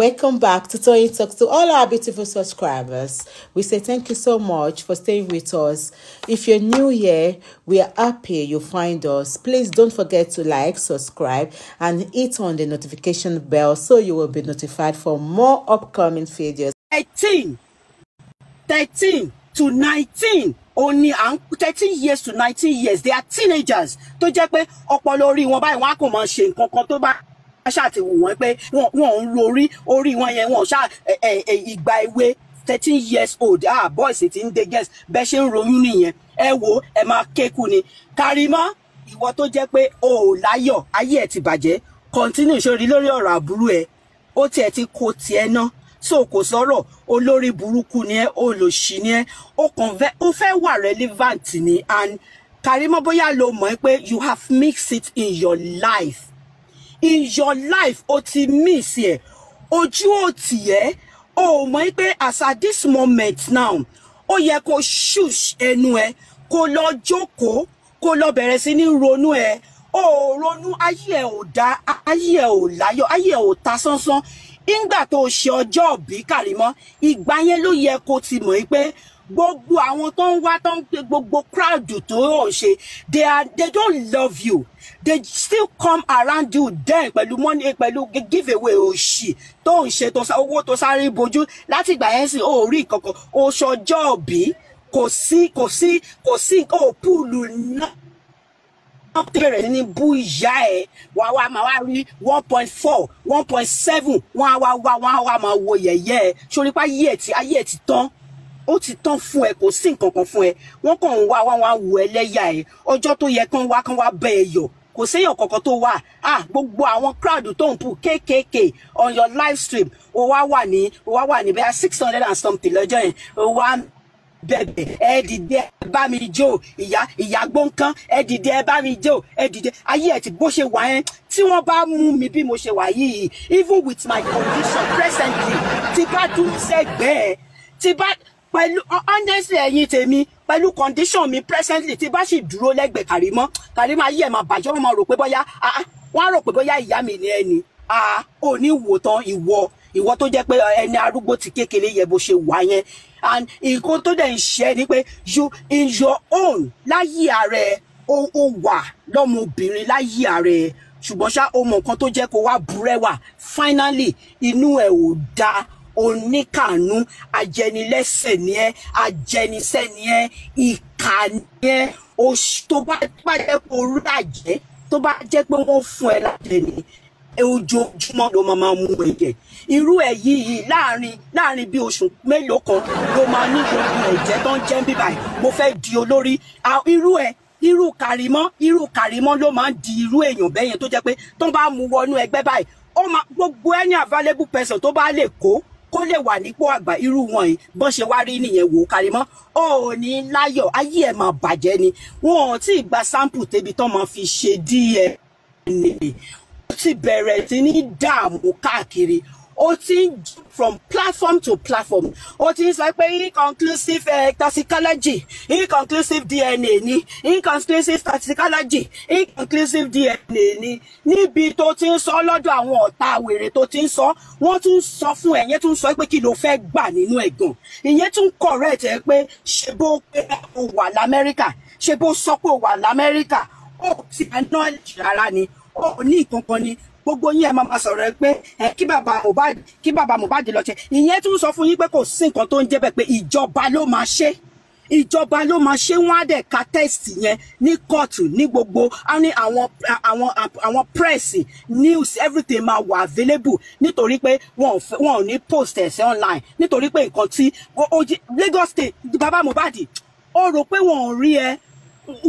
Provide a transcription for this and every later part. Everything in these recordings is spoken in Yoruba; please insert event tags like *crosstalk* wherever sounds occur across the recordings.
Welcome back to Tony Talks to all our beautiful subscribers. We say thank you so much for staying with us. If you're new here, we are happy you find us. Please don't forget to like, subscribe, and hit on the notification bell so you will be notified for more upcoming videos. 18, 13 to 19 only 13 years to 19 years they are teenagers tó jẹ́ pé ṣáà ti wò wọ́n pé wọ́n ń lo orí orí wọn yẹn wọ́n ṣáà ìgbà èwe thirteen years old ah boys ti ń de girls bẹ́ẹ̀ ṣe ń ronú nìyẹn ẹ wo ẹ máa kéku ni Karimo ìwọ tó jẹ́ pé o ò láyọ̀ ayé ẹ̀ ti bàjẹ́ continue sórí lórí ọ̀rọ̀ àbúrú ẹ̀ ó tiẹ̀ ti kó tiẹ̀ ná so kò sọ̀rọ̀ olórí burúkú ni ẹ́ olòṣì ni ẹ́ ó kàn fẹ́ ó fẹ́ wà relevant ni and Karimo bóyá lo mọ̀ ẹ́ pé you have mixed it in your life in your life o ti miss ẹ ojú ò tì ẹ́ o mọ̀ pé as at this moment now ó yẹ kó ṣùṣ ẹnu ẹ kó lọ jókòó kó lọ bẹ̀rẹ̀ sí ní ronú ẹ o ronú ayé ẹ ò dá ayé ẹ ò láyọ̀ ayé ẹ ò ta sánsán nígbà tó o ṣe ọjọ́ òbí Karimo ìgbà yẹn ló yẹ kó ti mọ̀ pé gbogbo àwọn tó ń wá tó ń pe gbogbo crowd tó ń ṣe they are they don't love you they still come around you then pẹ̀lú money pẹ̀lú give away òṣì tó ń ṣe tó owó tó sáré bojú láti ìgbà yẹn sì ó rí kankan oṣù ọjọ́ òbí kò sí kò sí kò sí ó púùlù náà wọ́n bẹ̀rẹ̀ ní bú ìyá ẹ̀ wá wá máa wá rí one point four one point seven wọ́n á wá wá wọ́n á wá máa wo yẹ̀yẹ́ ẹ̀ sórí pa ayé ẹ̀ ti ayé ẹ̀ ti tán ó ti tán fún ẹ kò sí nǹkan kan fún ẹ wọ́n kàn ń wá wá wá wò ẹ lẹ́yà ẹ ọjọ́ tó yẹ kán wá kán wá bẹ ẹ yọ̀ kò séèyàn kankan tó wà ah gbogbo àwọn crowd tó ń pù kéékèèké on your live stream ó wá wà ní ó wá wà ní bẹ́ẹ̀ six hundred and something lọ́jọ́ yẹn ó wá bẹ̀bẹ̀ ẹ dìde ẹ bá mi jó ìyá ìyá gbọ̀ǹkan ẹ dìde ẹ bá mi jó ẹ dìde ayé ẹ ti bó ṣe wà yẹn tí wọ́n bá mú mi bí mo ṣe wà yìí even with my condition presently tí bá dúró sẹ́gbẹ̀ẹ́ tí bá pẹ̀lú honestly ẹ̀yin tèmi pẹ̀lú condition mi presently tí bá sì dúró lẹ́gbẹ̀ẹ́ Karimo Karimo ayé ẹ̀ máa bàjẹ́ wọn máa rò pé bóyá wọn á rò pé bóyá ìyá mi ni ẹni ò ní wò tán ìwọ ìwọ tó jẹ́ pé ẹni arúgbó ti kékeré yẹ bó ṣe wà yẹn and nǹkan tó dẹ̀ ń ṣe ni pé you in your own láyé ààrẹ ó ó wà lọ́mọbìnrin láyé ààrẹ ṣùgbọ́n ṣá o mọ̀ nǹkan tó jẹ́ kó wá burẹ́wà finally inú ẹ̀ ò dáa oníkàánú ajẹnilẹ́sẹ̀ ni ẹ́ ajẹnisẹ́ ni ẹ́ ìkà ni ẹ́ oṣù tó bá jẹ́ pé orí àjẹ́ tó bá jẹ́ pé wọ́n fún ẹ lájẹ́ ni ojoojúmọ́ ló máa máa mú ẹ̀jẹ̀ irú ẹ̀ yìí láàrin láàrin bíi oṣù mélòó kan ló máa ní gbogbo ẹ̀jẹ̀ tó ń jẹ́ bíbà ẹ̀ mo fẹ́ di olórí irú ẹ̀ irú kàrímọ́ irú kàrímọ́ ló máa di irú èèyàn bẹ́yẹn tó jẹ́ pé tó bá mú wọnú ẹgbẹ́ báyìí ó máa gbogbo ẹni available person tó bá lè kó kó lè wà nípò àgbà irú wọn yìí bọ́n ṣe wá rí nìyẹn wò ó kárí mọ́ ó ní láyọ̀ ayé ẹ̀ máa bàjẹ́ ni wọn ò tí ì gba sample tẹ́bi tán máa fi ṣe DNA ó ti bẹ̀rẹ̀ sí ní dààmú káàkiri ó ti ń jump from platform to platform ó ti ń sọ pé inconclusive uh, toxicology inconclusive DNA ni inconclusive toxicology inconclusive DNA ni níbi tó ti ń sọ lọ́dọ̀ àwọn ọ̀tá wèrè tó ti ń sọ wọ́n tún sọ fún ẹ̀yẹ́ tún sọ pé kí ló fẹ́ gbà nínú ẹ̀gàn ìyẹn tún correct ẹ pé ṣe bó pé o wà lamẹ́ríkà ṣe bó sọ pé o wà lamẹ́ríkà ó ti ẹ̀ náà rárá ni ó ní nǹkan ni gbogbo yín ẹ máa máa sọ̀rọ̀ ẹ pé ẹ kí bàbá Mohbad kí bàbá Mohbad lọ ṣe ìyẹn tún sọ fún yín pé kò sí nǹkan tó ń jẹ́ bẹ́ẹ̀ pé ìjọba ló máa ṣe ìjọba ló máa ṣe wọn á dẹ̀ ka tẹ́sítì yẹn ní kóòtù ní gbogbo á ní àwọn àwọn àwọn pírẹ́sì news everything máa wà available nítorí pé wọn ò ní post ẹ̀sẹ̀ online nítorí pé nǹkan tí Lagos State bàbá Mohbad ó rò pé wọn ò rí ẹ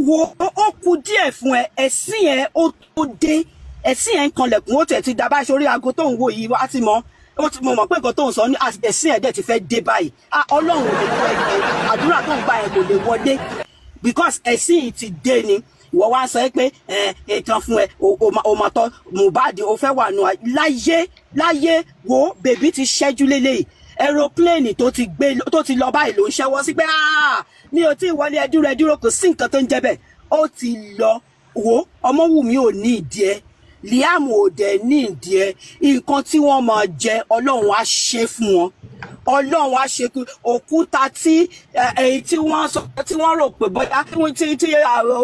wo ó kù díẹ̀ fún ẹ ẹ̀sìn ẹ ó tó dé ẹ̀sìn ẹ̀ ń kanlẹ̀kùn ó tẹ̀ ti dá báyìí sórí aago tó ń wo yìí wá ti mọ́ ó ti mọ̀ pé nǹkan tó ń sọ ní ẹ̀sìn ẹ̀dẹ̀ ti fẹ́ dé báyìí ọlọ́run ò lè wọ ẹ̀kẹ́ àdúrà tó ń gba ẹ̀ kò lè wọlé because ẹ̀sìn yìí ti dé ni ìwọ wá sọ pé ìtàn fún ẹ o mà tọ Mohbad o fẹ́ wà nù láyé láyé wo bèbí ti ṣẹ́jú lélẹ́yìí aeroplane tó ti gbé tó ti lọ báyìí ló ń ṣẹ́wọ́ sí pé mi ò tí ì wọlé ẹdúró ẹdúró kò sí nǹkan tó ń jẹ bẹ́ẹ̀ ó ti lọ wo ọmọ wù mí ò ní ìdí ẹ Liam ò dẹ̀ ní ìdí ẹ nǹkan tí wọ́n máa jẹ ọlọ́run á ṣe fún wọn ọlọ́run á ṣe òkúta tí èyí tí wọ́n sọ tí wọ́n rò pé bóyá tí tí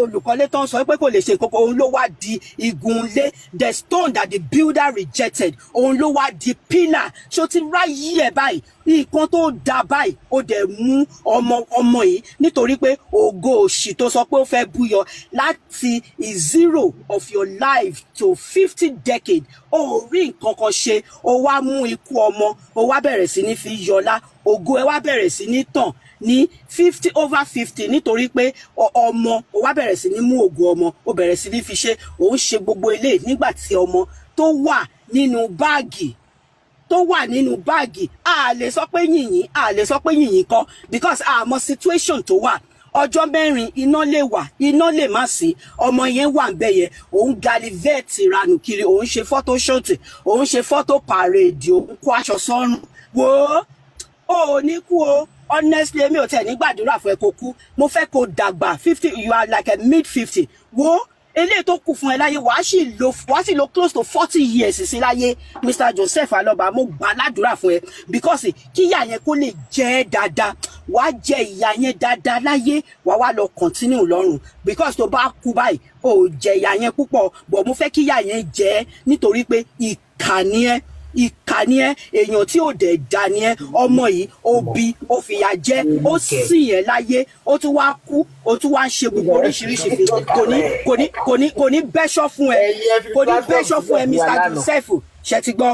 olùkọ́lé tó ń sọ pé kò lè ṣe kókó òun ló wá di igun lé the stone that the builder rejected òun ló wá di pillar ṣó ti ráyè ẹ̀ báyìí nǹkan tó da báyìí ó dẹ̀ mú ọmọ ọmọ yìí nítorí pé ògo òṣì tó sọ pé ó fẹ́ búyọ láti zero of your life to fifty decade ó rí nǹkan kan ṣe ó wá mú ikú ọmọ ó wá bẹ̀rẹ̀ sí ní fi yọlá ògo ẹ wá bẹ̀rẹ̀ sí ní tàn ní fifty over fifty nítorí pé ọmọ ó wá bẹ̀rẹ̀ sí ní mú ògo ọmọ ó bẹ̀rẹ̀ sí ní fi ṣe òun ṣe gbogbo eléyìí nígbà tí ọmọ tó wà nínú báàgì tó wà nínú báàgì a lè sọ pé yìnyín a lè sọ pé yìnyín kọ́ because àmọ́ situation tó wà ọjọ́ mẹ́rin iná lè wà iná lè má sí ọmọ yẹn wà ńbẹ̀ yẹn òun galivẹ́ẹ̀tì ranù kiri òun ṣe fọ́tò ṣọ́ọ̀tì òun ṣe fọ́tò pàrèdì òun kó aṣọ sọ́rùn wò ó ò ní kú o honestly èmi ò tẹ̀ nígbàdúrà fún ẹ kó kú mo fẹ́ kó dàgbà fifty you are like a mid fifty wo eléyìí tó kù fún ẹ láyé wàá sì lo wàá sì lo close to forty years sí láyé Mr Joseph Aloba mo gbà ládùúrà fún ẹ because kíyà yẹn kó lè jẹ ẹ dáadáa wàá jẹ ìyà yẹn dáadáa láyé wàá wá lọ continue lọ́rùn because tó bá kú báyìí ò jẹ ìyà yẹn púpọ̀ bọ̀ mo fẹ́ kíyà yẹn jẹ nítorí pé ìkànnì ẹ ìkà ni ẹ èèyàn tí ò dẹ̀ da ni ẹ ọmọ yìí ó bí ó fìyà jẹ ó sì yẹn láyé ó tún wá kú ó tún wá ń ṣe gbogbo oríṣiríṣi kò ní kò ní kò ní kò ní bẹ́ṣọ́ fún ẹ kò ní bẹ́ṣọ́ fún ẹ Mr Joseph ṣe ti gbọ́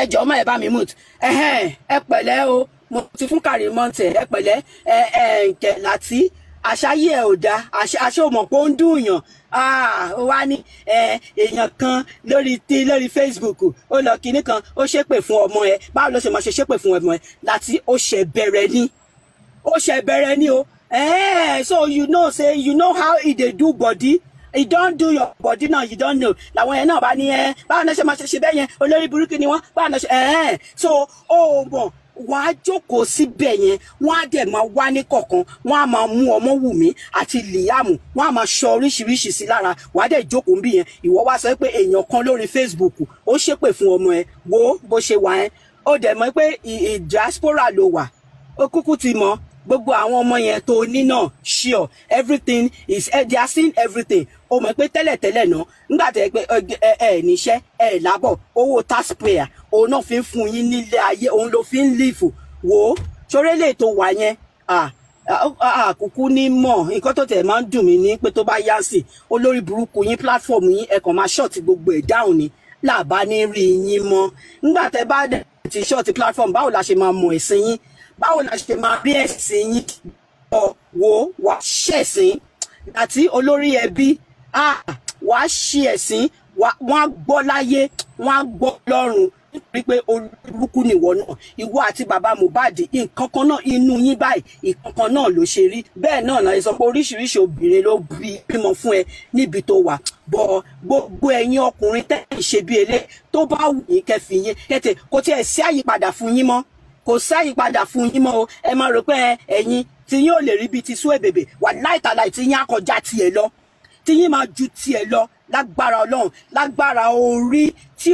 ẹ jọ̀ọ́ má ẹ bá mi mute ẹ pẹ̀lẹ́ o mo ti fún kàrímọ́ǹtì ẹ pẹ̀lẹ́ ẹ ẹ láti àṣàyè ẹ̀ ò dáa àṣà mọ̀ pé ó ń dùn yàn Ah, ó wá ní eh, èèyàn kan lórí ti lórí Facebook ó lọ kinní kan ó ṣépè fún ọmọ ẹ báwo ló ṣe máa ṣe ṣépè fún ọmọ ẹ láti ó ṣe bẹ̀rẹ̀ ni ó ṣe bẹ̀rẹ̀ ni o eh, so you know say you know how e dey do body e don do your body now you don know làwọn yẹn náà bá ní ẹ eh, báwo ló ṣe máa ṣe ṣe bẹ́ẹ̀ yẹn olórí burúkú ni wọ́n báwo ló ṣe so ó mọ̀ wàá jókòó síbẹ̀ yẹn wọ́n á dẹ̀ máa wá ní kọ̀ọ̀kan wọ́n á máa mú ọmọ wù mí àti liamu wọ́n á máa sọ oríṣiríṣi sí lára wàá dẹ̀ jókòó ń bì yẹn ìwọ wá sọ pé èèyàn kan lórí Facebook ó ṣépè fún ọmọ ẹ wo bó ṣe wà ẹ ó dẹ̀ mọ̀ pé diaspora ló wà ó kúkú ti mọ̀ gbogbo àwọn ọmọ yẹn tó ní náà sure everything is eh, they are seeing everything o mọ̀ pé tẹ́lẹ̀tẹ́lẹ̀ náà nígbà tẹ́ pé ẹ ẹ níṣẹ́ ẹ lábọ̀ owó taxpayer òun náà fi ń fún yín nílé ayé òun ló fi ń lífù wò ó ṣoré lè tó wà yẹn àkùkù ní mọ̀ nǹkan tó tẹ̀ máa ń dùn mí ní pé tó bá yá sí olórí burúkú yín platform yín ẹ kàn máa ṣọ́ọ̀tì gbogbo ẹ̀ dáhùn ni làbá ní rí yín mọ́ nígbà tẹ́ bá dẹ̀ ti ṣọ́ọ̀tì platform báwo la ṣe máa mọ̀ ẹ̀sìn yín báwo la ṣe máa rí ẹ̀sìn yín ọ̀ wò wá ṣẹ̀sìn àti olórí ẹbí Ah, wàá ṣe ẹ̀sìn wọ́n á gbọ́ láyé wọ́n á gbọ́ lọ́run nítorí pé olúkú nìwọ náà ìwọ àti bàbá Mohbad nǹkan kan náà inú yín báyìí nǹkan kan náà ló ṣe rí bẹ́ẹ̀ náà náà sọ pé oríṣiríṣi obìnrin ló bímọ fún ẹ níbi tó wà bọ gbogbo ẹ̀yin ọkùnrin tẹ́ ẹ ṣe bí elé tó bá wù yín kẹfì yín kẹtẹ kò tiẹ̀ sí àyípadà fún yín mọ́ kò sí àyípadà fún yín mọ́ o ẹ máa rò pé ẹ̀yin tí yín ò lè rí bíi ti sún èbèbè wà láìtàláì tí yín á kọjá tiẹ̀ lọ tí yín máa ju tiẹ̀ lọ lágbára ọlọ́run lágbára orí tí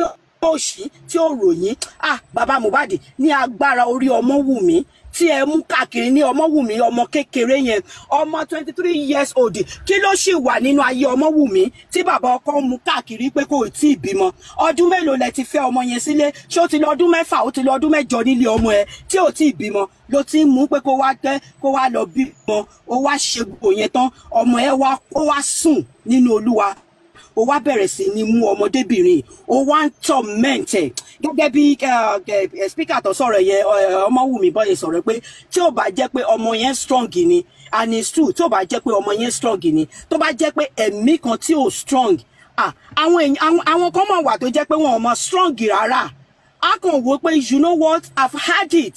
ó ṣí tí ó ròyìn ah bàbá Mohbad ní agbára orí ọmọ wù mí tí ẹ mú káàkiri ní ọmọwùmí ọmọ kékeré yẹn ọmọ twenty three years old kí ló sì wà nínú ayé ọmọwùmí tí bàbá ọkọ ń mú káàkiri pé kò tí ì bímọ ọdún mélòó lẹ ti fẹ́ ọmọ yẹn sílé ṣé ó ti lọ ọdún mẹ́fà ó ti lọ ọdún mẹ́jọ nílé ọmọ ẹ tí ò tí ì bímọ ló ti ń mú pé kó wá tẹ kó wá lọ bímọ ó wá ṣe gbogbo yẹn tán ọmọ ẹ wá ó wá sùn nínú olúwa ó wá bẹ̀rẹ̀ sí ní mú ọmọdébìnrin ó wá ń torment ẹ̀ gẹ́gẹ́ bí eh, eh, eh, speaker tó sọ̀rọ̀ yẹn Ọmọwùmí bọ́yẹ sọ̀rọ̀ pé tí ò bá jẹ́ pé ọmọ yẹn strong ni and it's true tí ò bá jẹ́ pé ọmọ yẹn strong ni tó bá jẹ́ pé ẹ̀mí kan tí ò strong àwọn kan máa wà tó jẹ́ pé wọn ò mọ strong rárá a kàn wò pé you know what I've had it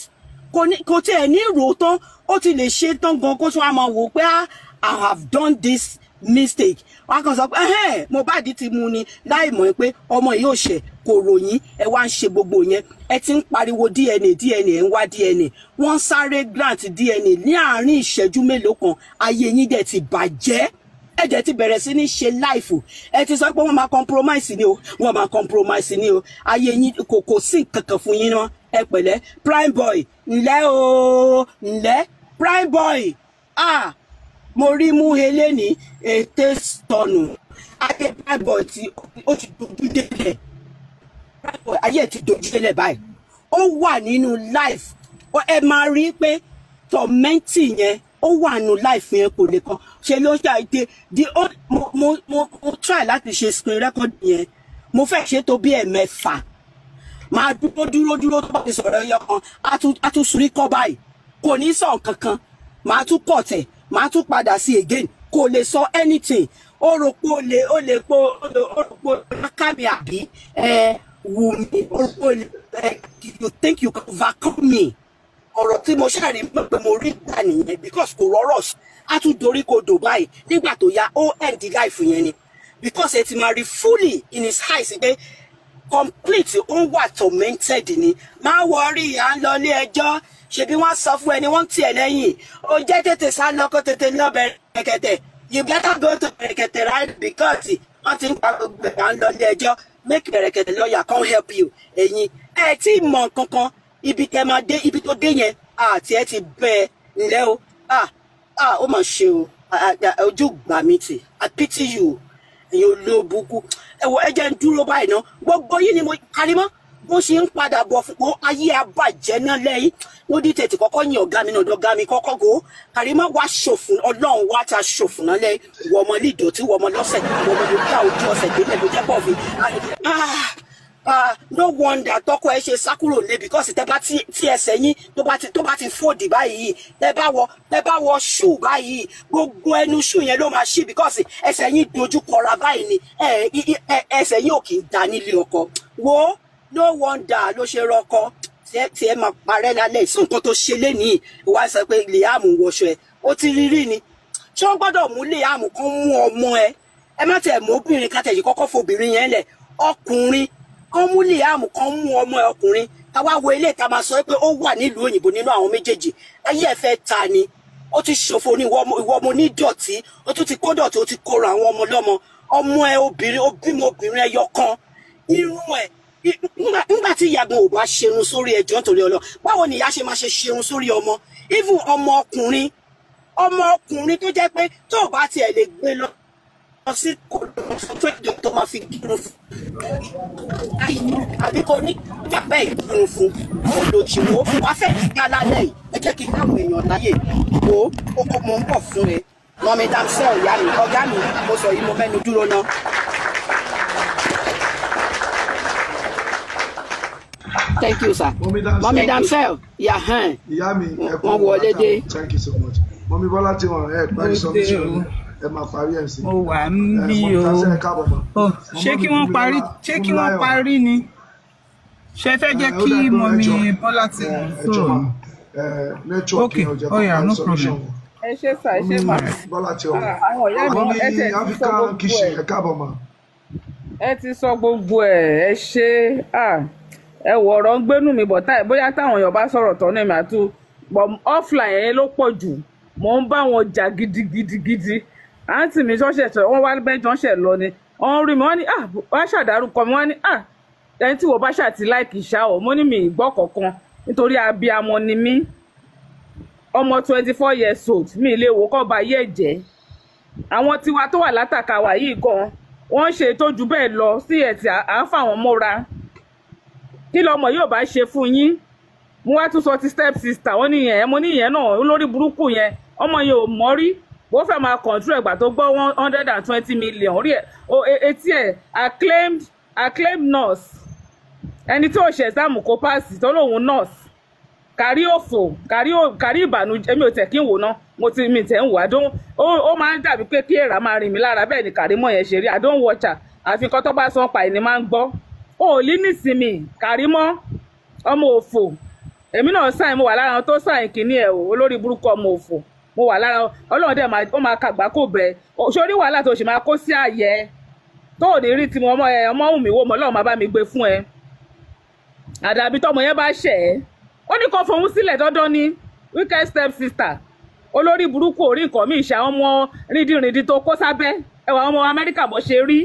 kò tí ẹ̀ ní ìrò tán ó ti lè ṣe tán gan kó tún a wò pé ah, I have done this mistake wọn kàn sọ pé ẹhẹn Mohbad ti mu ni láì mọ̀ pé ọmọ yìí ò ṣẹ̀ kò ròyìn ẹ wá ń ṣe gbogbo yẹn ẹ ti ń pariwo DNA DNA ẹ ń wá DNA wọ́n sáré grant DNA ní àárín ìṣẹ́jú mélòó kan ayé yín dẹ̀ ti bàjẹ́ ẹ̀jẹ̀ ti bẹ̀rẹ̀ sí ní ṣe láìfù ẹ ti sọ pé wọ́n máa compromise ni o wọ́n máa compromise ni o ayé yín kò kò sí kankan fún yín náà ẹ pẹ̀lẹ́ prime boy ǹlẹ́ o ǹlẹ́ prime boy ah mo rí mú eléni ètè sọnù ayé báìbọ̀ tí ó ti dojú délẹ̀ báìbọ̀ ayé ti dojú délẹ̀ báyìí ó wà nínú life ẹ máa rí i pé tọ̀mẹ́ǹtì yẹn ó wà nù láìfi yẹn kò lè kan ṣe ló ṣàìdè di ó mo mo mo try láti ṣe screen record yẹn mo fẹ́ ṣe tó bí ẹ̀mẹ́fà máa dúró dúró dúró tó bá ti sọ̀rọ̀ ẹyọ kan á tún á tún surí kọ́ báyìí kò ní sọ̀n kankan máa tún kọ̀ tẹ̀ màá tún padà sí again kò lè sọ anything ó rò pé ó lè ó lè pé ó rò pé akámi àbí wù mí ó rò pé you think you can overcome me ọ̀rọ̀ tí mo ṣàrí mọ̀ pé mo rí gbà nìyẹn because kò rọ́rọ̀ sí a tún dorí kò dò báyìí nígbà tó ya ó end life yẹn ni because ẹ ti máa rí fully in his eyes pé complete ó wà tormented ni máa wọrí à ń lọ ilé ẹjọ́ ṣebí wọ́n sọ fún ẹni wọ́n tiẹ̀ lẹ́yìn ó jẹ́ tètè sá lọ kó tètè lọ bẹ̀rẹ̀kẹ̀tẹ̀ you better go to bẹ̀rẹ̀kẹ̀tẹ̀ right because wọ́n ti ń pa gbogbo ẹ̀ à ń lọ ilé ẹjọ́ make bẹ̀rẹ̀kẹ̀tẹ̀ lọ́ọ̀yà come help you ẹ̀yin ẹ tí ì mọ̀ kankan ibi tẹ máa dé ibi tó dé yẹn àti ẹ ti bẹ ẹ ǹlẹ́ o ah ah ó mà ṣe o ojú gbà mí tì I pity you ẹ̀yin olóòbùkù ẹ̀wọ̀ ẹ jẹ́ ń dúró báyìí ná gbogbo yìí ni mo kárí mọ́ wọ́n ṣe ń padà bọ̀ fún pé ayé abàjẹ́ náà lẹ́yìn wọ́n dí tètè kọ́kọ́ yin ọ̀gá mi náà dọ̀gá mi kọ́kọ́ go Karimo wá ṣòfò ọlọ́run wá ta ṣòfò náà lẹ́yìn wọ́n ọmọ ilé ìdọ̀tí wọ́n ọmọ lọ́sẹ̀ wọ́n ọmọ yóò ojú ọ̀sẹ̀ gbé mẹ́lò jẹ́ bọ̀ ah, ah, ah, no wonder tọkọ ẹ ṣe sá kúrò lé because tẹ bá ti ẹsẹ̀ yín tó bá ti tó bá ti fòdì báyìí tẹ bá wọ tẹ bá wọ ṣù báyìí gbogbo ẹnu ṣù yẹn ló máa ṣí because ẹsẹ̀ yín dojú kọra báyìí ni ẹsẹ̀ yín ò kì í da nílé ọkọ wo no wonder ló ṣe rọkọ tiẹ̀ tiẹ̀ máa parẹ́ lálẹ́ ìsún nǹkan tó ṣe lénìí ìwà sọ pé Liam wọṣọ ẹ̀ ó ti rí ni ṣé wọ́n gbọ́dọ̀ mú Liam kan mú ọmọ ẹ̀ ẹ má tẹ̀ mú obìnrin ká tẹ̀yìn kọ́kọ́ fobìnrin yẹn lẹ̀ ọkùnrin kan mú Liam kan mú ọmọ ẹ̀ ọkùnrin ká wá wo ilé ìta máa sọ pé ó wà nílùú òyìnbó nínú àwọn méjèèjì ayé ẹ̀ fẹ́ ta ni ó ti ṣòfò ní ìwọ ọmọ onídọ̀tí ó tún ti kó dọ̀tí ó ti kóra àwọn ọmọ lọ́mọ ọmọ ẹ̀ obìnrin ó bímọ obìnrin ẹyọ kan irú ẹ̀ nígbà tí ìyàgbọ́n ò bá ṣerun sórí ẹjọ́ nítorí ọlọ́ báwo ni ìyá ṣe máa ṣe ṣerun sórí ọmọ even ọmọ ọkùnrin ọmọ ọkùnrin tó jẹ́ pé tó bá tiẹ̀ lè gbé lọ sí kòlóòfù tó máa fi gírun fún àbí kò ní gbàgbẹ́ ìgírun fún olùṣèwò wá fẹ́ kíkà lálẹ́ yìí ẹ jẹ́ kí káwọn èèyàn láyè wo ó kó mo ń bọ̀ fún ẹ mọ̀mí dáńsẹ́ ọ̀yá mi ọ̀gá mi mo sọ yìí mo mẹ́nu dúró náà. thank you sir mọ́mí danfẹ́l yà hàn wọ́n wọlé dé. thank you so much mọ́mí bọ́lá tí wọ́n ẹ̀ parí sọ́mí sí òun ẹ máa parí ẹ̀ sí. mo wà ń o ṣé kí wọ́n parí ṣé kí wọ́n parí ni ṣe fẹ́ jẹ́ kí mọ́mí oh, mm. bọ́lá tí wọ́n sọ̀rọ̀ ok oya no problem ẹ ṣe sà ẹ ṣe mà àwọn ọ̀yá mi ẹ tẹ̀ sí sọ gbogbo ẹ̀ ẹ ti sọ gbogbo ẹ̀ ẹ ṣe ẹ wọ ọ̀rọ̀ ń gbénú mi bọ̀ táì bóyá táwọn èèyàn bá sọ̀rọ̀ tán náà mi àtú bọ̀ offline yẹn ló pọ̀ jù mò ń bá wọn jà gidigidigidi àǹtí mi ṣọ́ṣẹ̀ sọ wọ́n wá mẹ́jọ ṣẹ̀ lọ ni wọ́n rí mi wọ́n ní ah wọ́n ṣàdárúkọ mi wọ́n ní ah ẹni tí wọ́n bá ṣàti láìkì ṣá o mo ní mi ìgbọ́ kọ̀ọ̀kan nítorí abiyamọ ni mí ọmọ twenty four years old mi ilé wo kọ́ ba yé ẹ̀jẹ̀ àwọn tiwa tó wà látàkàwà yìí gan wọ́n ṣe tó ju lọ sí ẹ̀tì àáfà wọn mọ́ra kí lọmọ yóò bá ṣe fún yín mo wá tún sọ ti step sister wọn nìyẹn mo níyẹn náà olórí burúkú yẹn ọmọ yẹn ò mọ rí bó fẹ́ máa control ẹ̀gbà tó gbọ́ one hundred and twenty million orí ẹ̀ e, etí ẹ̀ acclaimed acclaimed nurse ẹni tí ò ṣe exam kó pass tó lóun nurse kárí òfò kárí kárí ìbànújẹ́ mi ò tẹ̀ kí n wò ná mo ti mi tẹ̀ ń wò àdó ó máa ń dàbí pé kí èèrà máa rìn mí lára bẹ́ẹ̀ ni kàrímọ̀ yẹn ṣe rí àdó ń wọ̀chà àfikọ́ tó bá sanpa ẹ̀ ni o ò lè nísìmì Kàrímọ́ ọmọ òfò èmi náà sáyìn mo wà lára àwọn tó sáyìn kínní ẹ o olórí burúkú ọmọ òfò mo wà lára ọlọ́run dẹ̀ ó máa kàgbá kò bẹ sórí wàhálà tó sì máa kó sí àyẹ tó ò ní rí ti ọmọ ẹ ọmọ wù mí wò mọ ọlọ́run máa bá mi gbé fún ẹ àdàbí tọmọ yẹn bá ṣẹ ẹ ó ní kó fohùn sílẹ̀ dọ́dọ́ ní wicked step sister olórí burúkú orí nǹkan mi ìṣe àwọn ọmọ rídìrídì tó kó sábẹ́ ẹwà ọmọ Amẹ́ríkà bó ṣe rí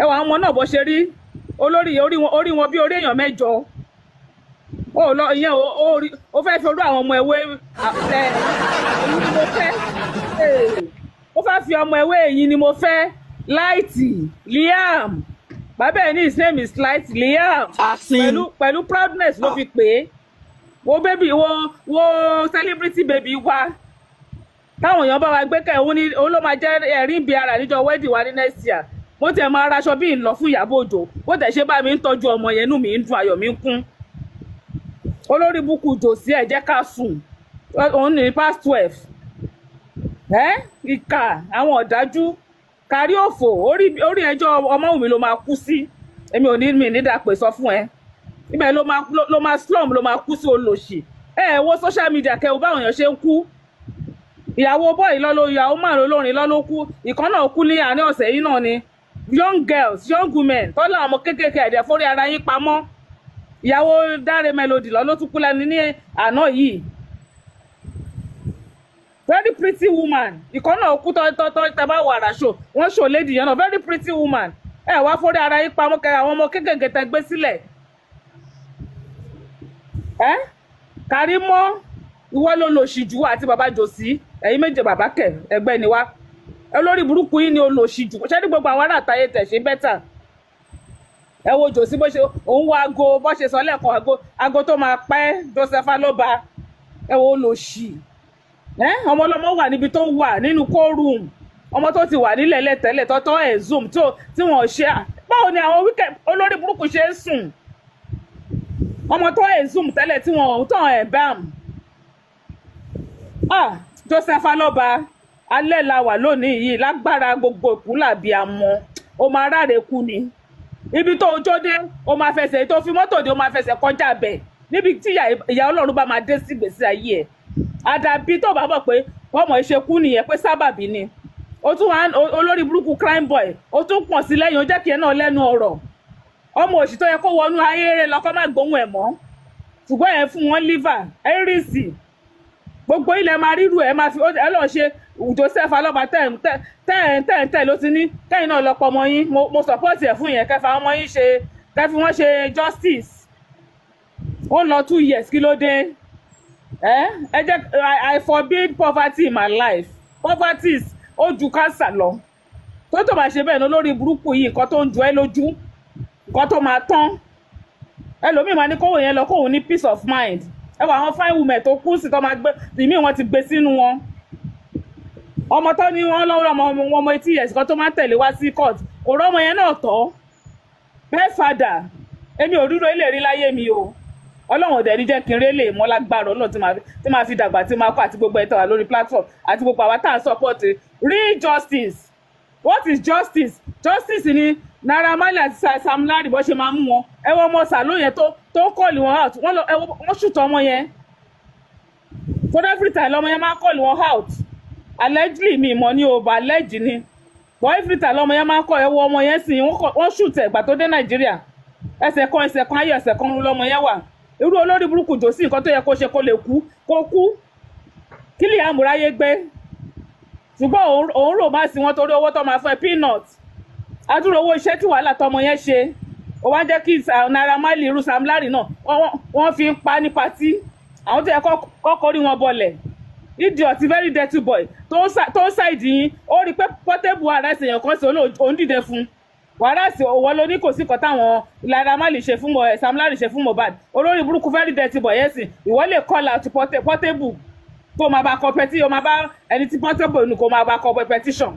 ẹ wà àwọn ọmọ náà bó ṣe rí olórí orí wọn bí orí èèyàn mẹ́jọ ó lọ ìyẹn ó fẹ́ fi orú àwọn ọmọ ẹ̀wé ẹ̀ èyí ni mo fẹ́ ó fẹ́ fi ọmọ ẹ̀wé èyí ni mo fẹ́ láìtì Liam bàbá ẹ̀ ní his name is light Liam pẹ̀lú pẹ̀lú proudness ló fi pè é wo baby wo wo celebrity baby wa táwọn èèyàn bá wa gbé kẹ́ òun ló máa jẹ́ ẹ̀rí ìbí ara níjọ wedding wa ní next year wọ́n tẹ̀ máa raṣọ bí ń lọ fún Ìyábọ̀ Òjó ó tẹ̀ ṣe bá mi ń tọ́jú ọmọ yẹn inú mi ń dùn ayọ̀ mi ń kún olórí búkú jòsí ẹ̀ jẹ́ ká sùn òun ní past twelve ẹ́ ìkà àwọn ọ̀dájú kárí òfò orí ẹjọ́ Ọmọwùmí ló máa kú sí èmi ò ní mi nídàpè sọ fún ẹ ibẹ̀ ló máa slum ló máa kú sí olòṣì ẹ ẹ wo social media kẹ wo báwọn èèyàn ṣe ń kú ìyàwó bọ́ọ̀lì lọ́lọ́ ìyàwó márùn-ún lórin lọ́lọ́ kú ìkan kú ní àárín ọ̀sẹ̀ yìí náà ni young girls young women tọ́lá ọmọ kéékèèké ẹ̀dẹ̀ fórí ara yín pamọ́ ìyàwó Dáre Melody lọ ló tún kú lẹ́nu ní àná yìí very pretty woman ìkọ́ náà kú tọ́tọ́tọ́ tẹ́bá wàrà ṣò wọ́n ṣò lady yẹn náà very pretty woman ẹ wá fórí ara yín pamọ́ kẹ àwọn ọmọ kéékèèké tẹ gbé sílẹ̀ ẹ Karimo ìwọ ló lòṣì jù àti bàbá jòsí ẹ̀yin méje bàbá kẹ ẹgbẹ́ ni wá olórí burúkú yìí ni olòṣì jù ṣé ní gbogbo àwọn aráàtayé tẹ̀ ṣe bẹ́tà ẹ wo jòsí bó ṣe òun wo aago bó ṣe sọ lẹ́ẹ̀kan aago aago tó máa pẹ́ josepha ló ba ẹ wo olòṣì ẹ ọmọ ọlọmọ wà níbi tó wà nínú kóòrùm ọmọ tó ti wà nílẹ̀ lẹ́tẹ̀lẹ̀ tọ́tọ́ ẹ̀ zoom tó tí wọ́n ṣe à báwo ni àwọn wíkẹ̀ olórí burúkú ṣe ń sùn ọmọ tó ẹ̀ zoom tẹ́lẹ̀ tí wọ́n tàn ẹ̀ bam ah josepha ló ba alẹ́ la wà lónìí yìí lágbára gbogbo ìkú làbí àmọ́ o máa ráre kú ni ibi tó ojó dé o máa fẹsẹ̀ tó fi mọ́tò dé o máa fẹsẹ̀ kọjá bẹ̀ níbi tí ìyá ọlọ́run bá máa dé sí ìgbésí ayé ẹ̀ àdàbí tó bá mọ̀ pé ọmọ ìṣekú nìyẹn pé sábàbí ni o tún olórí burúkú crime boy o tún pọ̀ sí lẹ́yìn o jẹ́ kí ẹ náà lẹ́nu ọ̀rọ̀ ọmọ òṣì tó yẹ kó wọnú ayé rẹ lọ́kọ́ má gbóhùn ẹ̀ mọ́ ṣùgbọ́n ẹ̀ fún wọn liver ẹ̀rìsì gbogbo ilẹ̀ máa ríru ẹ̀ máa fi ẹ lọ́ọ́ ṣe joseph alọba tẹ́ẹ̀n tẹ́ẹ̀n ló ti ní kẹ́yìn náà lọ́pọ̀ ọmọ yín mo support ẹ̀ fún yẹn kẹfà ọmọ yín ṣe kẹfì wọ́n ṣe justice ó lọ two years kí ló dé ẹ ẹ jẹ́ i forbid poverty in my life poverty ó ju cancer lọ tó tó bá ṣe bẹ́ẹ̀ ní olórí burúkú yìí nǹkan tó ń jọ ẹ́ lójú nǹkan tó máa tán ẹlòmíì máa ní kówó yẹn lọ kóun ní peace of mind ẹ wọ àwọn fine women tó kú sí tó máa gbé ìmí wọn ti gbé sínú wọn ọmọ tó ní wọn lọ́wọ́ ọmọ ọmọ etí yẹn kan tó máa ń tẹ̀lé wá sí court kò rọ́mọ yẹn náà tọ́ bẹ́ẹ̀ fàdà èmi ò dúró ilé rí láyé mi o ọlọ́run ọ̀dẹ̀ ní jẹ́ kí n rí lè mọ́ lágbára ọlọ́run tí máa fi dàgbà tí máa kọ́ àti gbogbo ẹ̀tọ́ wa lórí platform àti gbogbo àwa tá à ń support real justice what is justice justice ni Naira Marley àti Sam Larry bó ṣe máa mú wọn ẹ wọ ọmọ sàló yẹn tó tó ń kọ́ọ̀lì wọn out wọ́n ṣùtọ̀ ọmọ yẹn for every time lọmọ yẹn máa ń kọ́ọ̀lì wọn out allegedly mi mọ̀ ní o but alleged ni but if litre lọ́mọ yẹn máa ń kọ́ ẹ wọ ọmọ yẹn sì wọ́n ṣù tẹ̀ ìgbà tó dé nàìjíríà ẹsẹ̀ kan ẹsẹ̀ kan ayé ẹsẹ̀ kan lọ́mọ yẹn wà irú olórí burúkú jòsí nǹkan tó yẹ kó ṣe kó lè kú kó kú kí lè àmúráyé gbé ṣùgbọ́n òun rò má sí wọn torí owó tó máa fẹ́ peanut adúrò owó iṣẹ́ tí wàhálà tọmọ yẹn ṣe ó wá jẹ́ kí uh, Naira Marley irú Sam Larry náà wọ́n fi ń pa ní patí àwọn tó yẹ kọ́kọ́ rí wọn bọlẹ̀ idiot very dirty boy tó ń ṣàìdí yín ó rí i pé portable wàràsì èèyàn kan sí òun dìde fún wàràsì òwò ló ní kò sí kan táwọn Naira Marley ṣe fún eh, Sam Larry ṣe fún Mohbad olórí burúkú very dirty boy yẹn sì ìwọ lè call out portable kó máa bá kọ pẹtí ó máa bá ẹni tí portable nù kó máa bá kọ petition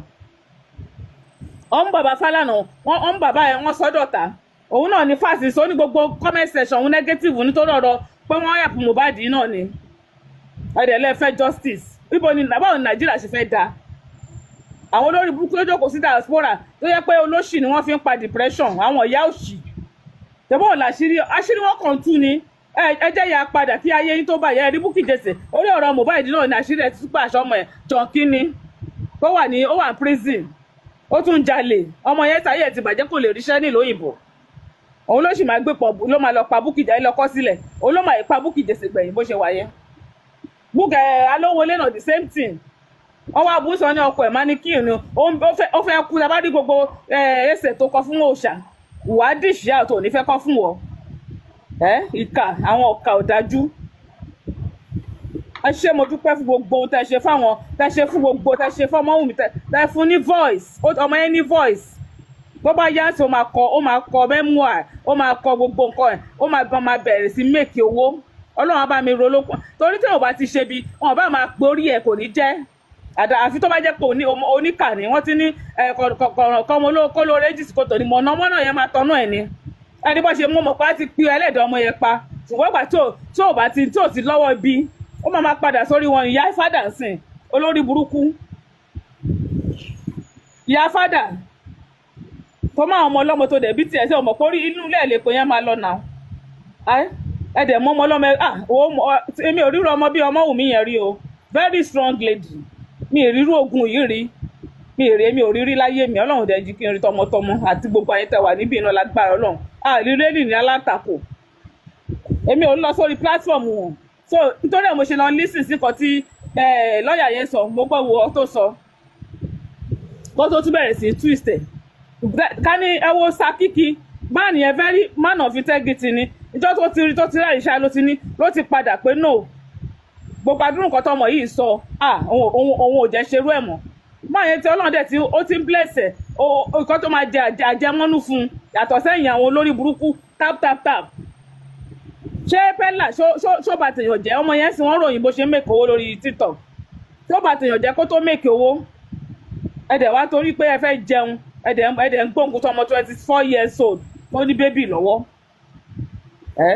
ọ̀n bàbá Fálànà ọ̀n bàbá ẹ̀ wọ́n sọ́dọ̀ta òun náà ní fásitì sọ ní gbogbo comment section òun negative nítorí ọ̀rọ̀ pé wọ́n yàpù Mohbad náà ni ẹ̀dẹ̀lẹ́ fẹ́ justice ibo ni báwo ni nàìjíríà ṣe fẹ́ da àwọn olórí burúkú lójó kò sí diaspora tó yẹ pé olóṣì ni wọ́n fi ń pa depression àwọn ìyá òṣì tẹ̀bọ́n làṣírí àṣírí wọn kàn tú ni ẹ jẹ́ ya padà kí ayé yín tó bá yẹ ẹ rí Bukky Jesse orí ọ̀rọ̀ Mohbad náà ní àṣírí ẹ̀ ti túpọ̀ àṣọ ọmọ ẹ̀ John Kini tó wà ní ó wà ní prison ó tún jalè ọmọ yẹn sáyé ẹ̀ ti bàjẹ́ kò lè ríṣẹ́ nílùú òyìnbó òun ló sì máa gbé pọ̀ ló máa lọ pa Bukky Jesse lọ́kọ́ sílẹ̀ òun ló máa pa Bukky Jesse gbẹ̀yìn bó ṣe wáyé. Búkẹ́ Alówolé náà the same thing wọ́n wá bùsọ̀ ní ọkọ̀ ẹ̀ mannequin ni ó fẹ́ kú tá a bá rí gbogbo ẹsẹ̀ tó kọ fún òòṣà ìwádìí ìṣíà tó ní fẹ́ kọ́ fún wọ́ ẹ́ ìka àwọn ọ̀ka ọ̀dájú ẹ ṣé mo dúpẹ́ fún gbogbo tẹ ṣe fáwọn tẹ ṣe fún gbogbo tẹ ṣe fún ọmọwùmí tẹ fún ní voice ọmọ yẹn ní voice bó bá yá sí ó máa kọ ó máa kọ memoir ó máa kọ gbogbo nǹkan ẹ̀ ó máa bẹ̀rẹ̀ sí make owó ọlọ́run á bá mi ro lókun torí tí wọn bá ti ṣe bí wọn bá máa gborí ẹ kò ní jẹ́ àdá àfi tó bá jẹ́ pé oníkà ni wọ́n ti ní kọ̀ọ̀kan olóko lóore jìsìkò tò ní mọ̀nàmọ́nà yẹn máa tọ́nà ẹ̀ ni ẹni bó ṣe mú ọmọ pa ti pín ẹlẹ́dàá ọmọ yẹn pa ṣùgbọ́n ìgbà tí ò bá ti tí ò ti lọ́wọ́ bí ó máa máa padà sórí wọn ìyá fádà sìn olórí burúkú ìyá fádà tó máa ọmọ ọlọ́mọ tó dẹ̀ bí tiẹ̀ sí ọmọ kórí inú ilé ẹ̀ lè pè yẹn máa lọ nà ẹ dẹ̀ mọ́ ọmọ ọlọ́mọ ah, èmi ò ríro ọmọ bí ọmọ wù mí yẹn rí o very strong lady mi ì ríro oògùn yìí rí mi ì rí mi ò rí rí láyé mi ọlọ́run dẹ̀ jí kí n rí tọmọtọmọ àti gbogbo ayé tẹ wà níbí iná lágbára ọlọ́run àìrírí èlì ní alátakò èmi ò ń lọ sórí platform wọn so nítorí ẹ̀ mo ṣe lọ lísìn sí kan tí lọ́ọ̀yà yẹn sọ mo gbọ́ wo ọ tó sọ kó tó tún bẹ̀rẹ̀ sí twist ẹ̀ ká ní ẹ wo sakiki man yẹn very man of integrity ni ìjọ tó ti rí tó ti ráyè ṣá ló ti ní ló ti padà pé no gbogbo àdúrà nǹkan tọmọ yìí sọ òun ò jẹ́ ṣerú ẹ̀ mọ́ máa yẹn tí ọlọ́run dẹ̀ tí ó ti ń blẹ̀sẹ̀ nǹkan tó máa jẹ àjẹmọ́nú fún un yàtọ̀ sẹ́yìn àwọn olórí burúkú tap tap tap ṣé pẹ́lá ṣó bá tèèyàn jẹ́ ọmọ yẹn sì wọ́n ròyìn bó ṣe mèkè owó lórí TikTok ṣó bá tèèyàn jẹ́ kó tó mèkè owó ẹ̀dẹ̀ wá torí pé ẹ fẹ́ jẹun ẹ̀dẹ̀ ń gbóǹkú tó twenty four years old ó ní bébì lọ́wọ́ ẹ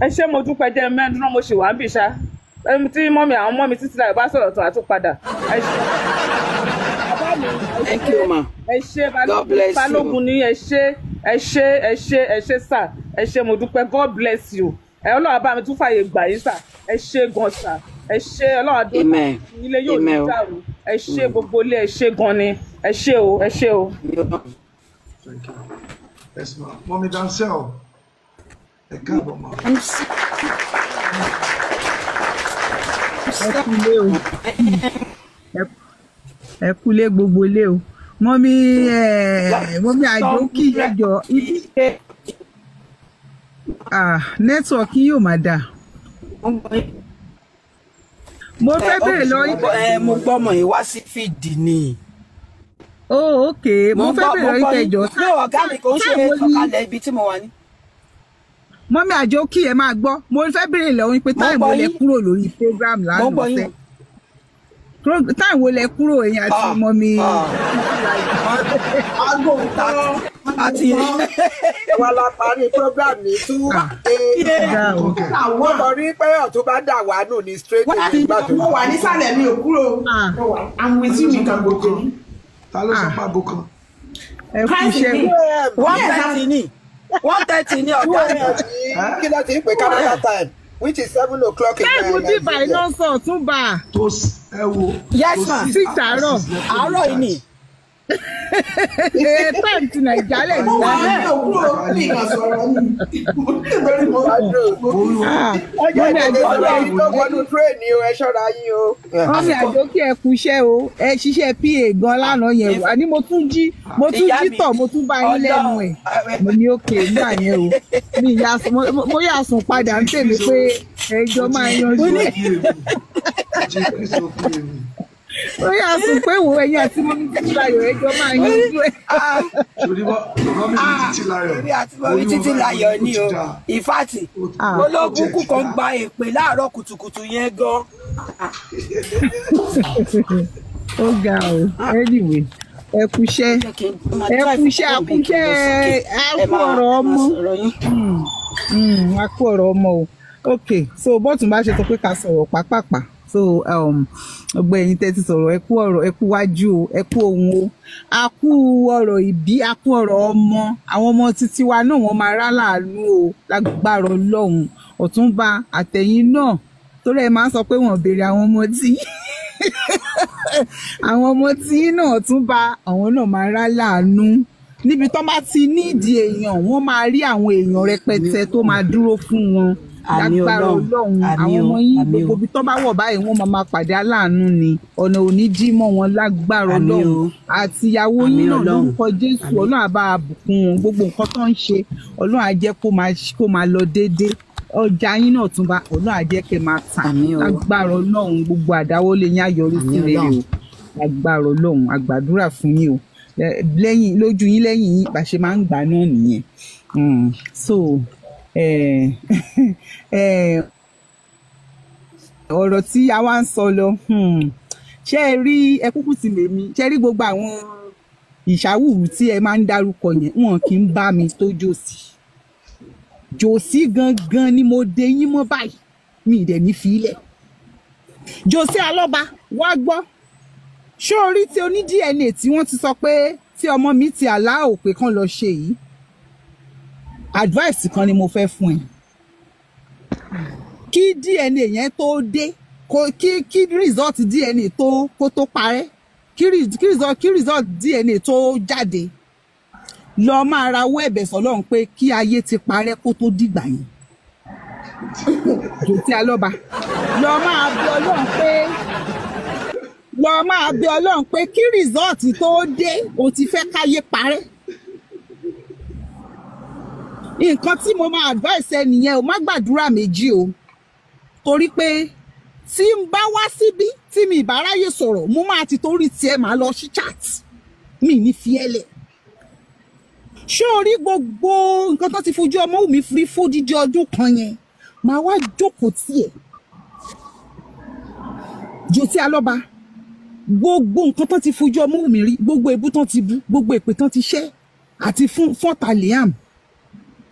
ẹ ṣé mo dúpẹ́ jẹ́ mẹ́rin náà mo ṣì wá ń bì ṣá ẹni tí mọ́mi àwọn mọ́mi títí láì bá sọ̀rọ̀ tó àtúpadà ẹ ṣé thank you ma balógun ní ẹ ṣé ẹ ṣé ẹ ṣé ẹ ṣé sà ẹ ṣé mo dúpẹ́ god bless you ẹ ọlọ́run bá mi tún fàyè gbà yín sà ẹ ṣé gan sà ẹ ṣé ọlọ́run àdúrà ilé yóò ní dàrú ẹ ṣé gbogbo ilé ẹ ṣé gan ni ẹ ṣé o ẹ ṣé o. Thank you. Yes, ma'am. Mọ́mí Dancel, ẹ káàbọ̀ mọ́. Ẹ kúlé o. Ẹ kúlé gbogbo ilé o. Mọ́mí Mọ́mí Àjò kí ìjọ ibi. Nẹ́tíwọ̀kì yóò máa dà. Mo fẹ́ bẹ̀rẹ̀ lọ. Mo gbọ́mọ̀ yìí wá sí fìdí ni oh ok mo fẹ́ bẹ̀rẹ̀ orí tẹ̀jọ́ sáà mo ọ̀gá mi kò ń ṣe ọ̀kalẹ̀ ibi tí mo wà ní. mọ́mí àjọ kí ẹ máa gbọ́ mo fẹ́ bèrè lọ́wọ́ pé táìmù lẹ kúrò lórí program lánàá ọ̀sẹ̀ táìmù lẹ kúrò ẹ̀yìn àti ah, mọ́mí. aago ah. ta àti *laughs* wà la parí program ní two ah. a mo mọ rí pé ọ̀tún bá dà wá nù ní straight. wọ́n ti mo wà nísàlẹ̀ mi ò kúrò àwọn etí mi kan gbogbo ta ló sọ ah. pàgó kan. ẹ iṣẹ́ one thirty ní one thirty ní ọ̀dọ́ mi. kí ló ti ń pè Canada time which is seven o'clock in Nigeria. fẹ́ẹ̀mù bíbá iná sọ̀ tún bá. tó ẹ wo. yes ma six àárọ̀ àárọ̀ yìí ni pẹ́ǹtì nàìjálẹ̀ ní ìlànà. ọjọ́ ní ọdún tírèèni ẹ ṣọ́ra yín o. wọ́n ní àjókè ẹ kú iṣẹ́ o ẹ ṣiṣẹ́ pa gan lánàá yẹn wà ní mo tún jí mo tún jí tọ̀ mo tún bá yín lẹ́nu ẹ̀ mo ní òkè nígbà yẹn o mo yà sùn padà ń tèmi pé ẹjọ́ máa yanjú ẹ̀ bóyá sùn pé wò ẹ̀yin àti mọ́mí títí láyọ̀ ẹjọ́ máa yín dúró. torí mọ́mí títí àti mọ́mí títí láyọ̀ ni o ìfàtì ológun kù kan gba èpè láàárọ̀ kùtùkùtù yẹn gan. ó ga o anyway ẹ kúṣẹ́ ẹ kúṣẹ́ ọmọ àkú hmm, hmm, ọmọ o ok so bọ́tùn bá ṣe sọ pé ká sọ̀rọ̀ pápápá so ọgbẹ́ um, ẹ̀yin tẹ́ ti sọ̀rọ̀ ẹ kú ọ̀rọ̀ ẹ kú wájú o ẹ kú ohun o a kú ọ̀rọ̀ ìbí a kú ọ̀rọ̀ ọmọ àwọn ọmọ títí wa náà wọ́n máa rá láàánú o lágbára ọlọ́run ọ̀túnba àtẹ̀yìn náà torí ẹ máa ń sọ pé wọ́n béèrè àwọn ọmọ tí *laughs* àwọn ọmọ tí náà tún àwọn náà máa rá láàánú níbi tó bá ti nídìí èèyàn wọ́n máa rí àwọn èèyàn rẹpẹtẹ tó máa dúró fún wọn lágbára ọlọ́run àwọn ọmọ yín gbogbo ibi tó bá wọ̀ báyìí wọ́n máa máa pàdé aláàánú ni ọ̀nà òní dí mọ́ wọn lágbára ọlọ́run àti ìyàwó yín náà lórúkọ jésù ọlọ́run àbá àbùkún wọn gbogbo nǹkan tó ń ṣe ọlọ́run á jẹ́ kó máa lọ déédéé ọjà yín náà tún bá ọlọ́run á jẹ́ kẹ́ máa tà lágbára ọlọ́run gbogbo àdáwọ́lé yín á yọrí sí rere o lágbára ọlọ́run a gbàdúrà fún yín o lẹ́yìn lójú yín lẹ́yìn yín bá ṣe máa ń gbà náà nìyẹn hmm. so. *laughs* ọ̀rọ̀ tí a wá ń sọ lọ hmm. ṣé ẹ rí ẹ ti lè mi ṣé ẹ rí gbogbo àwọn ìṣàwùrù tí ẹ máa ń dárúkọ yẹn wọn kì í bá mi tó jòsí jòsí gangan ni mo dé yín mọ́ báyìí mi ì dẹ̀ ní fílẹ̀ jòsí alọ́ba wá gbọ́ ṣó orí tí oní DNA tí wọ́n ti sọ pé tí ọmọ mi ti àlá òpè kan lọ ṣe yìí advice kan ni mo fẹ́ fún ẹ kí DNA yẹn tó dé kí kí result DNA tó kó tó parẹ́ kí result kí result DNA tó jáde lọ máa rawọ́ ẹ̀bẹ̀ sọ́lọ́run pé kí ayé ti parẹ́ kó tó dìgbà yẹn jòtí alọ́ba lọ máa bẹ ọlọ́run pé lọ máa bẹ ọlọ́run pé kí result tó dé o ti fẹ́ káyé parẹ́ nǹkan tí mo máa advice ẹ nìyẹn o má gbàdúrà méjì o torí pé tí n bá wá síbí tí mi ìbáráyè sọ̀rọ̀ mo máa ti torí tiẹ̀ máa lọ sí chat mi ní fiẹ́lẹ̀ ṣé orí gbogbo nǹkan tó ti fojú ọmọ mi fi fódìdí ọdún kan yẹn màá wá jókòó tiẹ̀ jòtí alọ́ba gbogbo nǹkan tó ti fojú ọmọ mi rí gbogbo ebú tó ti bú gbogbo èpè tó ti ṣẹ́ àti fún fọ́tà liam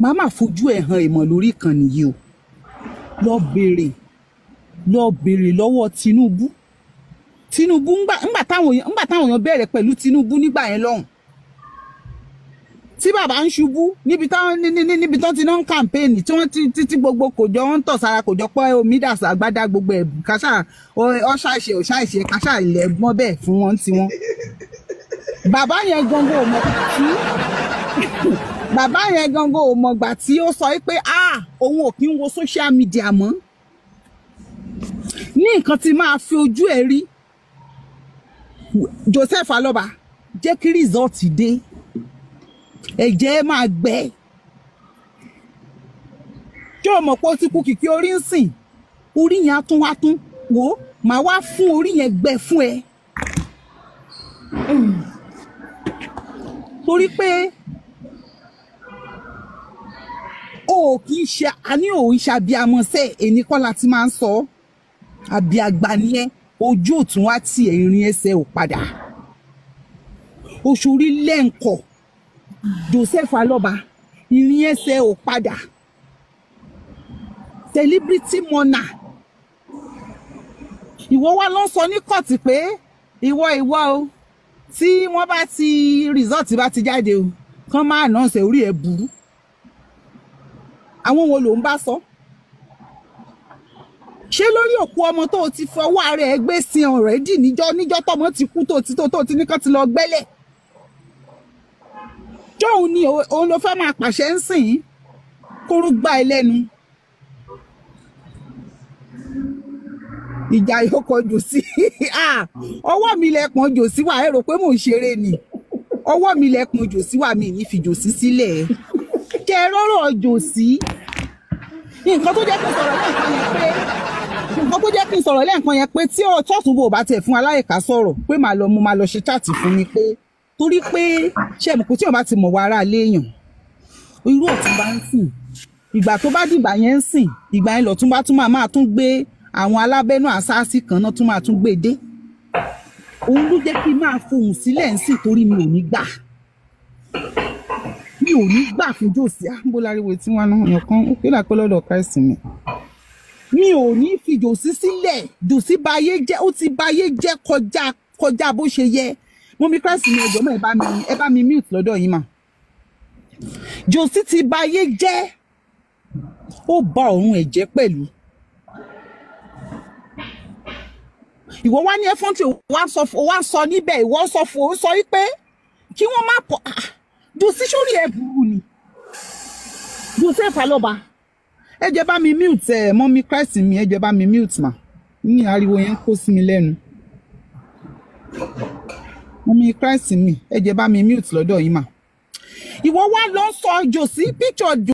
màá má fojú ẹ̀ hàn ìmọ̀ lórí ìkànnì yìí o lọ béèrè lọ béèrè lọ́wọ́ Tinubu Tinubu ńgbà táwọn èèyàn bẹ̀rẹ̀ pẹ̀lú Tinubu nígbà yẹn lọ́hùn tí bàbá ń ṣubú níbi tán níbi tán ti náà ń kàmpéènì tí wọ́n ti títí gbogbo kò jọ wọ́n ń tọ̀ sára kò jọ pọ́ omi dàsà agbádá gbogbo ẹ̀ kásà ọ̀ṣàṣe ọ̀ṣàṣe kásà ilẹ̀ mọ́ bẹ́ẹ̀ fún wọn tiwọn. bàbá yẹn gangan ò mọ̀ kàtí bàbá yẹn gangan ò mọ̀gbà tí ó sọ pé ah, òun ò kí ń wo social media mọ́ ní nǹkan tí máa fi ojú ẹ̀ rí Joseph Aloba jẹ́ kí rìsọ́ọ̀tì dé ẹ̀jẹ̀ ẹ máa gbẹ tí o mọ̀ pé ó ti kú kìkì orí ń sìn orí yẹn á tún wá tún wò ó màá wá fún orí yẹn gbẹ fún ẹ hmm. torí pé. o kì í ṣe àní òun ṣe abiyamọ sẹ èní kọ́ la ti máa ń sọ abiagba ni ẹ ojú òtún wá tì ẹ irin ẹsẹ̀ ò padà oṣù rí lẹ́ǹkọ̀ Joseph Alọ́ba irin ẹsẹ̀ ò padà celebrity mona ìwọ wa ló ń sọ ní kọ́ọ̀tì pé ìwọ ìwọ o tí wọ́n bá ti rìsọ́ọ̀tì bá ti jáde o kán máa náà ṣe orí ẹ̀ burú àwọn wo ló ń bá sọ ṣé lórí òkú ọmọ tó o ti fọwọ́ ara ẹ gbé sin ọ̀rẹ́dì níjọ́ níjọ́ tọmọ ti kú tó ti tó tó ti ní kán ti lọ gbẹ́lẹ̀ jóun ni òun ló fẹ́ máa pàṣẹ ń sìn yín kúrú gbá ẹ lẹ́nu ìjà ìyókò jòsí *laughs* ah, ọwọ́ mi lẹ́pọ̀n jòsí wà ẹ rò pé mò ń ṣeré ni ọwọ́ mi lẹ́pọ̀n jòsí wà mí ní fi jòsí sílẹ̀ ẹ rọ́rọ̀ jò sí nǹkan tó jẹ́ kí n sọ̀rọ̀ lẹ́ẹ̀kan yẹn pé nǹkan tó jẹ́ kí n sọ̀rọ̀ lẹ́ẹ̀kan yẹn pé tí ọ̀tọ̀tún bò bá tiẹ̀ fún aláìka sọ̀rọ̀ pé màá lọ mo máa lọ ṣe chaàtì fún mi pé torí pé ṣe mùkú tí wọn bá ti mọ̀ wá ara léèyàn irú ọ̀tún bá ń sìn ìgbà tó bá dìgbà yẹn ń sìn ìgbà yẹn lọ̀tún bá tún máa máa tún gbé àwọn alábẹ́nú àsáàsì kan náà tún máa tún gbé dé òun ló jẹ́ kí n máa fohùn sílẹ̀ ń sìn torí mi ò ní gbà mi ò ní gbà fún jòsí ah, àbólariwo tí wọn náà yàn kan ó pé làpẹ lọ́dọ̀ Christ mi mi ò ní fi jòsí sílẹ̀ jòsí bayé jẹ́ ó ti bayé jẹ́ kọjá kọjá bó ṣe yẹ mo mi Christ mi ẹjọ mọ ẹ bá mi ẹ bá mi mute lọ́dọ̀ yìí mà jòsí ti bayé jẹ́ ó bà ọ̀run ẹ̀ jẹ́ pẹ̀lú. ìwọ wá ní ẹfọ́ntì wá sọ níbẹ̀ ìwọ sọ fún ó sọ wípé kí wọ́n má pọ̀ ah Dùsí sórí ẹ̀ burú ni. Dùsí ẹ̀fà lọ́ba. Ẹ jẹ́ bá mi mute ẹ̀ mọ́ mi Christ mi ẹ jẹ́ bá mi mute ma. Ní ariwo yẹn kó sí mi lẹ́nu. Mọ́ mi Christ mi ẹ jẹ́ bá mi mute lọ́dọ̀ yìí mà. Ìwọ wá lọ sọ Jòsí picture